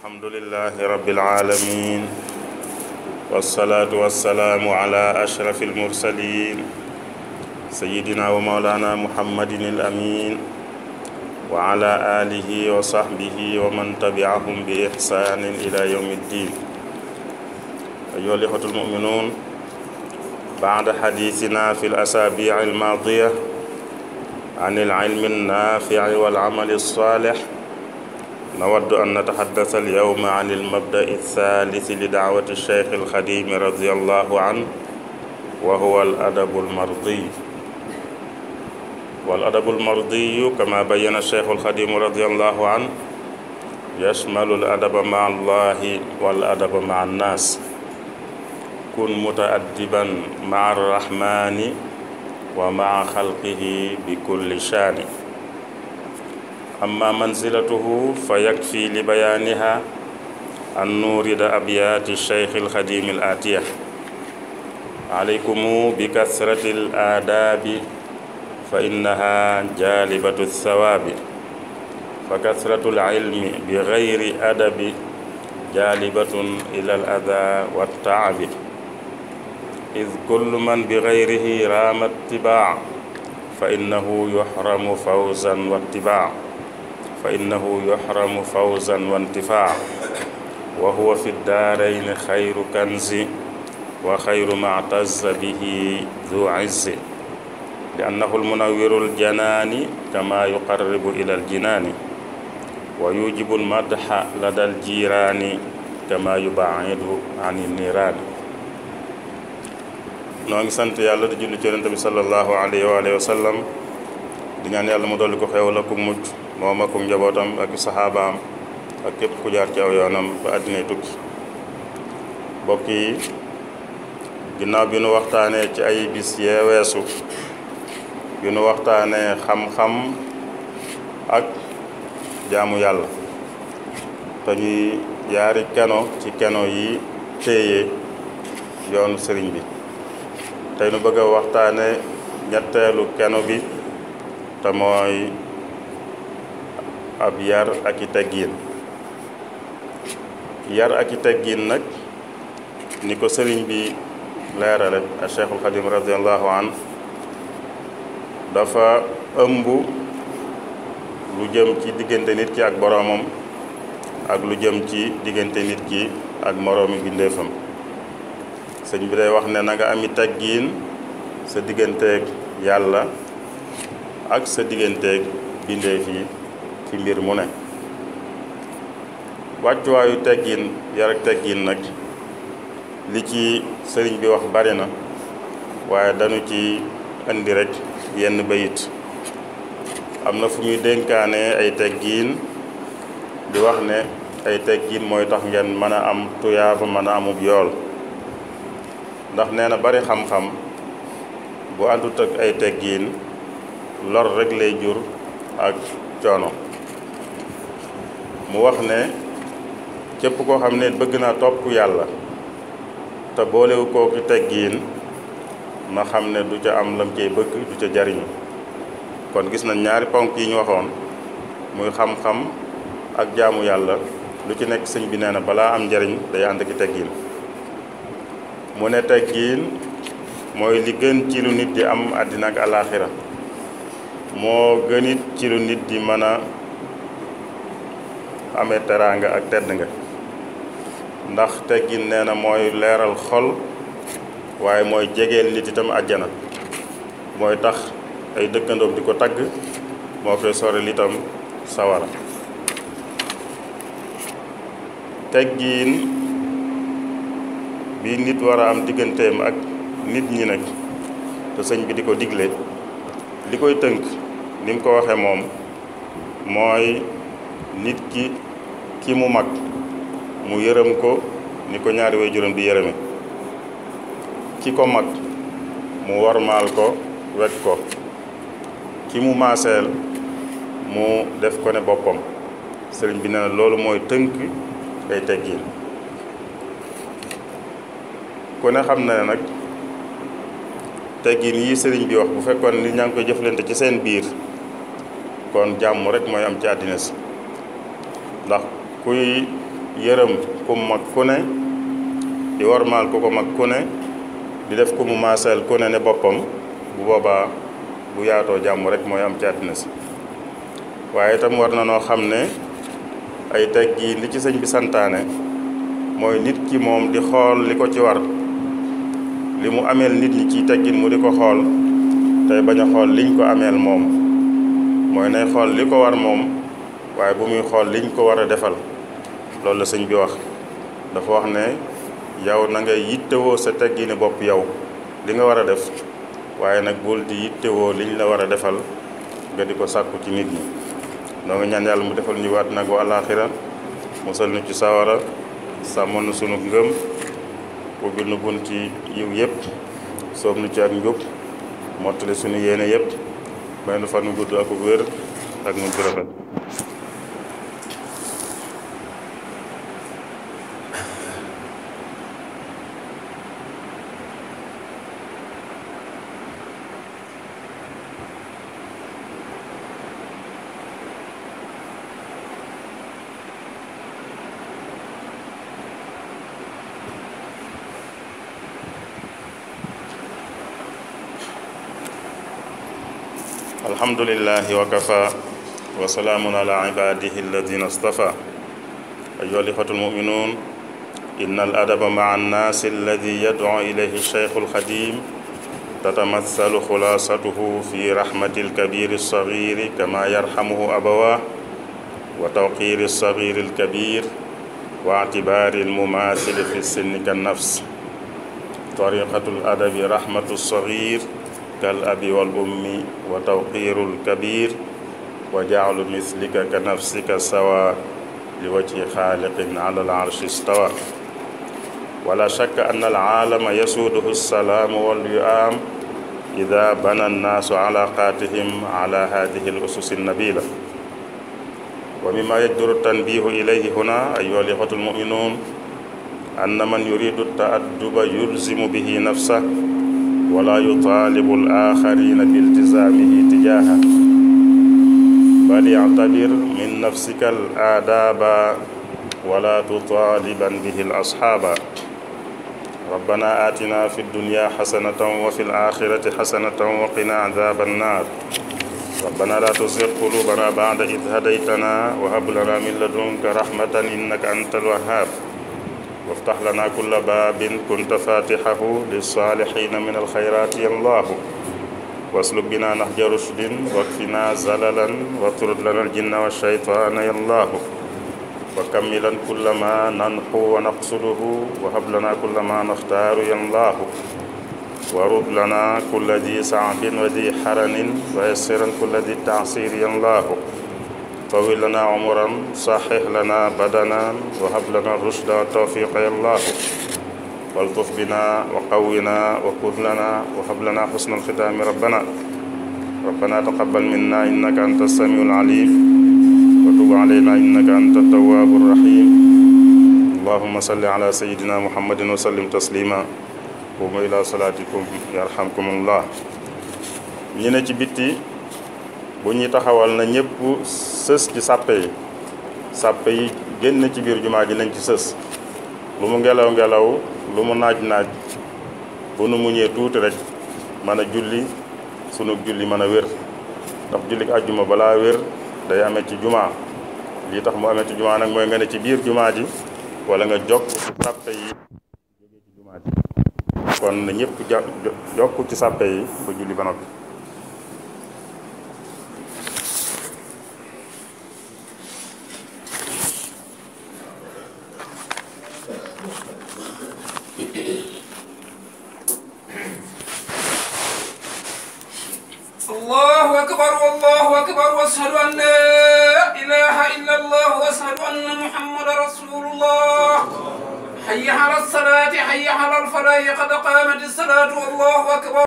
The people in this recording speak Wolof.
الحمد لله رب العالمين والصلاة والسلام على أشرف المرسلين سيدنا ومولانا محمد الأمين وعلى آله وصحبه ومن تبعهم بإحسان إلى يوم الدين أيها الإخوة المؤمنون بعد حديثنا في الأسابيع الماضية عن العلم النافع والعمل الصالح نود أن نتحدث اليوم عن المبدأ الثالث لدعوة الشيخ الخديم رضي الله عنه وهو الأدب المرضي والأدب المرضي كما بين الشيخ الخديم رضي الله عنه يشمل الأدب مع الله والأدب مع الناس كن متأدبا مع الرحمن ومع خلقه بكل شان أما منزلته فيكفي لبيانها أن نورد أبيات الشيخ الخديم الآتية عليكم بكثرة الآداب فإنها جالبة الثواب فكثرة العلم بغير أدب جالبة إلى الأذى والتعب إذ كل من بغيره رام اتباع فإنه يحرم فوزا واتباع فإنه يحرم فوزا وانتفاع وهو في الدارين خير كنز وخير ما اعتز به ذو عز لأنه المنور الجنان كما يقرب إلى الجنان ويوجب المدح لدى الجيران كما يبعد عن النيران noo ngi sant yàlla di julli ci yonent bi sallallahu alayhi wa alihi di ñaan yàlla mu dolli ko xewal ak mucc moom ak njabootam ak saxaabaam ak képp ku jaar ci aw yoonam ba àddinay tukki mbokk yi ginnaaw bi nu waxtaanee ci ay bis yee weesu bi nu waxtaanee xam-xam ak jaamu yàlla te ñuy yaari keno ci keno yi téye yoonu sëriñ bi tey nu bëgg waxtaane ñetteelu keno bi te mooy ab yar ak i teggiin yar ak i teggiin nag ni ko sëriñ bi leerale a cheikhul xadim radiallahu an dafa ëmb lu jëm ci diggante nit ki ak boroomam ak lu jëm ci diggante nit ki ak moroomi bindeefam sëñ bi day wax ne na nga ami teggiin sa digganteeg yàlla ak sa digganteeg bindee fii ci mbir mu ne wàccuwaayu teggiin yar ak teggiin nag li ci sëriñ bi wax bari na waaye dañu ci indi rek yenn bayit am na fu muy dénkaane ay teggiin di wax ne ay teggiin mooy tax ngeen mën a am tuyaaba mën a amub yool ndax nee na bari xam-xam bu àndut ak ay teggiin lor rek lay jur ak coono mu wax ne képp koo xam ne bëgg naa topp yàlla te boolewu kooku teggiin na xam ne du ca am lam cay bëgg du ca jariñu kon gis na ñaari ponk yi ñu waxoon muy xam-xam ak jaamu yàlla lu ci nekk sëñ bi nee na balaa am njariñ day ànd ak i teggiin mu ne teggin mooy li gën ci lu nit di am àddina ak alaaxira moo gënit ci lu nit di mën a amee teraanga ak tedd nga ndax teggin nee na mooy leeral xol waaye mooy jegeel nit itam àjjana mooy tax ay dëkkandoom di ko tagg moo fay soril itam sawara teggin bi nit war a am digganteem ak nit ñi nag te sëñ bi di ko digle li koy tënk ni mu ko waxee moom mooy nit ki ki mu mag mu yërëm ko ni ko ñaari waajuram bi yërëme ki ko mag mu warmaal ko wekk ko ki mu maaseel mu def ko ne boppam sëriñ bi nee loolu mooy tënk ay teggiin ku ne xam na ne nag teggin yi sëriñ bi wax bu fekkoon ni ñaa ngi koy jëflante ci seen biir kon jàmm rek mooy am ci àddina si ndax kuy yërëm ku mag ku di warmaal ku ko mag ku di def ku mu maaseel ku ne ne boppam bu boobaa bu yaatoo jàmm rek mooy am ci àddina si waaye itam war na noo xam ne ay teggin li ci sëñ bi santaane mooy nit ki moom di xool li ko ci war li mu ameel nit ñi ci teggin mu di ko xool tey bañ a xool liñ ko ameel moom mooy nay xool li ko war moom waaye bu muy xool liñ ko war a defal loolu la sëñ bi wax dafa wax ne yow na ngay yittewoo sa teggini bopp yow li nga war a def waaye nag bul di yittewoo liñ la war a defal nga di ko sàkku ci nit ñi noo ngi ñaan yàlla mu defal ñu waat nag wa àllaaxira musal nu ci sawara sàmmoon sunu ngëm ubbil nu bunt ci yiw yëpp soob nu ci ak njub mottali suñu yéene yëpp may nu fan nu gudd ak wér ak mun ci rafet الحمد لله وكفى وسلام على عباده الذين اصطفى أيها الإخوة المؤمنون إن الأدب مع الناس الذي يدعو إليه الشيخ الخديم تتمثل خلاصته في رحمة الكبير الصغير كما يرحمه أبواه وتوقير الصغير الكبير واعتبار المماثل في السن كالنفس طريقة الأدب رحمة الصغير كالأب والأم وتوقير الكبير وجعل مثلك كنفسك سوى لوجه خالق على العرش استوى ولا شك أن العالم يسوده السلام واليؤام إذا بنى الناس علاقاتهم على هذه الأسس النبيلة ومما يجدر التنبيه إليه هنا أيها الإخوة المؤمنون أن من يريد التأدب يلزم به نفسه ولا يطالب الآخرين بالتزامه تجاهه بل يعتبر من نفسك الآداب ولا تطالبا به الأصحاب ربنا آتنا في الدنيا حسنة وفي الآخرة حسنة وقنا عذاب النار ربنا لا تزغ قلوبنا بعد إذ هديتنا وهب لنا من لدنك رحمة إنك أنت الوهاب وافتح لنا كل باب كنت فاتحه للصالحين من الخيرات يا الله واسلك بنا نهج رشد واكفنا زللا واطرد لنا الجن والشيطان يا الله وكملا كل ما ننحو ونقصده وهب لنا كل ما نختار يا الله ورد لنا كل ذي صعب وذي حرن ويسرا كل ذي تعسير يا الله طول لنا عمرا صحح لنا بدنا وهب لنا الرشد توفيق يا الله والطف بنا وقونا وكن لنا وهب لنا حسن الختام ربنا ربنا تقبل منا إنك أنت السميع العليم وتب علينا إنك أنت التواب الرحيم اللهم صل على سيدنا محمد وسلم تسليما قوموا إلى صلاتكم يرحمكم الله ñi ci bitti bu ñuy taxawal na ñëpp sës ci sàppe yi sàppe yi génn ci biir jumaa ji nañ ci sës lu mu ngelaw ngelaw lu mu naaj naaj bu nu muñee tuuti rek man a julli sunu julli man a wér ndax jullik àjjuma balaa wér day amee ci jumaa li tax mu amee ci jumaa nag mooy nga ne ci biir jumaa ji wala nga jokk ci sàppe yi ci jumaa kon na ñëpp jokk ci sàppe yi ba julli ba noppi أكبر والله أكبر وأشهد أن لا إله إلا الله وأشهد أن محمد رسول الله حي على الصلاة حي على الفلاح قد قامت الصلاة والله أكبر